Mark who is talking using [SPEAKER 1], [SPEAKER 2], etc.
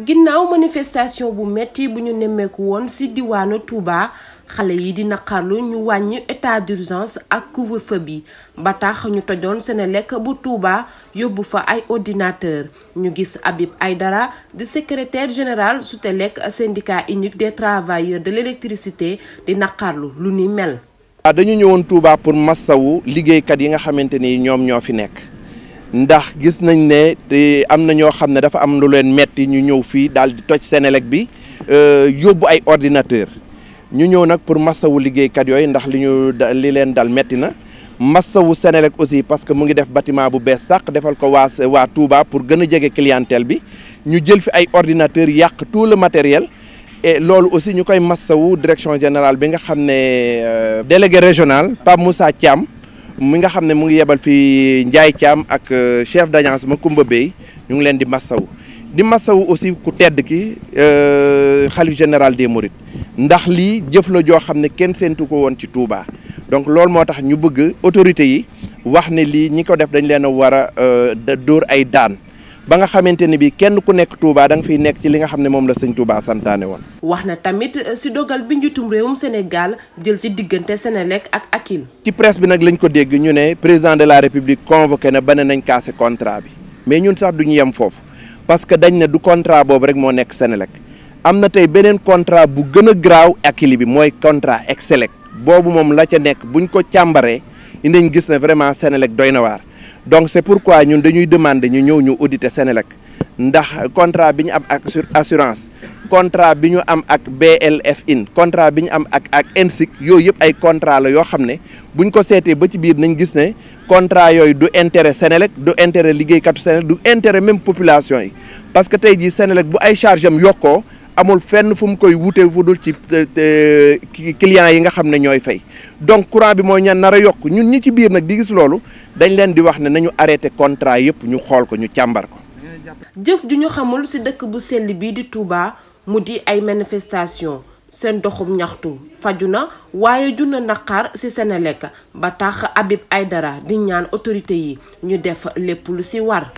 [SPEAKER 1] ginnaaw manifestation bu metti bu ñu nemmeeku woon ci diwaanu Touba xale yi di naqarlu ñu wàññi état d'urgence ak couvre-feu bi ba tax ñu tojoon lekk bu Touba yóbbu fa ay ordinateur ñu gis Habib dara di secrétaire général Sutelec syndicat unique des travailleurs de l'électricité di naqarlu lu ni mel.
[SPEAKER 2] Ah, dañu ñëwoon Touba pour massawu liggéeykat yi nga xamante ni ñoom ñoo fi nekk. ndax gis nañ ne am na ñoo xam ne dafa am lu leen metti ñu ñëw fii daal di toj Senelec bi euh, yóbbu ay ordinateur ñu ñëw nag pour massawu liggéeykat yooyu ndax li ñu li leen dal metti na massawu Senelec aussi parce que mu ngi def bâtiment bu bees sàq defal ko waa waa Touba pour gën a jege clientèle bi ñu jël fi ay ordinateur yàq tout le matériel loolu aussi ñu koy massawu direction général bi nga xam ne euh, délégué régional Pape Moussa Thiam mi nga xam ne mu ngi yebal fi Ndiaye Thiam ak euh, chef ma Macoumba Bey ñu ngi leen di massawu di massawu aussi ku tedd ki euh, xalif général des Mourides ndax li jëf la joo xam ne kenn séentu ko woon ci Touba donc loolu moo tax ñu bëgg autorités yi wax ne lii ñi ko def dañ leen a war a euh, dóor ay daan ba nga xamante ni bii kenn ku nekk Touba da nga fiy nekk ci li nga xam ne moom la sëñ Touba santaane woon.
[SPEAKER 1] wax na tamit eh, si dogal bi njiitum réewum Sénégal jël ci diggante Sénélec ak Akin.
[SPEAKER 2] ci presse bi nag lañ ko dégg ñu ne président de la république convoqué na ba ne nañ casser contrat bi mais ñun sax duñu yem foofu parce que dañ na du contrat boobu rek moo nekk Sénélec am na tey beneen contrat bu gën a graaw Akili bi mooy contrat Excelec boobu moom la ca nekk buñ ko càmbaree. i gis ne vraiment Sénélec doy na waar donc c'est pourquoi ñun dañuy demander ñu ñëw ñu auditer Sénélec ndax contrat bi ñu am ak assurance contrat bi ñu am ak BLF in contrat bi ñu am ak ak ENSIC yooyu yëpp ay contrat la yoo xam ne bu ñu ko seetee ba ci biir nañ gis ne contrat yooyu du intérêt Sénélec du intérêt liggéeykatu Sénélec du intérêt même population yi parce que tey jii Sénélec bu ay charge am yokkoo amul fenn fu mu koy wute fu dul ci clients yi nga xam ne ñooy fay donc courant bi mooy ñan nar a yokk ñun ñi ci biir nag di gis loolu dañ leen di wax ne nañu arrêté contrat yëpp ñu xool ko ñu càmbar ko.
[SPEAKER 1] jëf ju ñu xamul ci dëkk bu sell bii di Touba mu di ay manifestation seen doxum ñaxtu faju na waaye junna naqar ci lekk ba tax ay dara di ñaan autorité yi ñu def lépp lu ci war.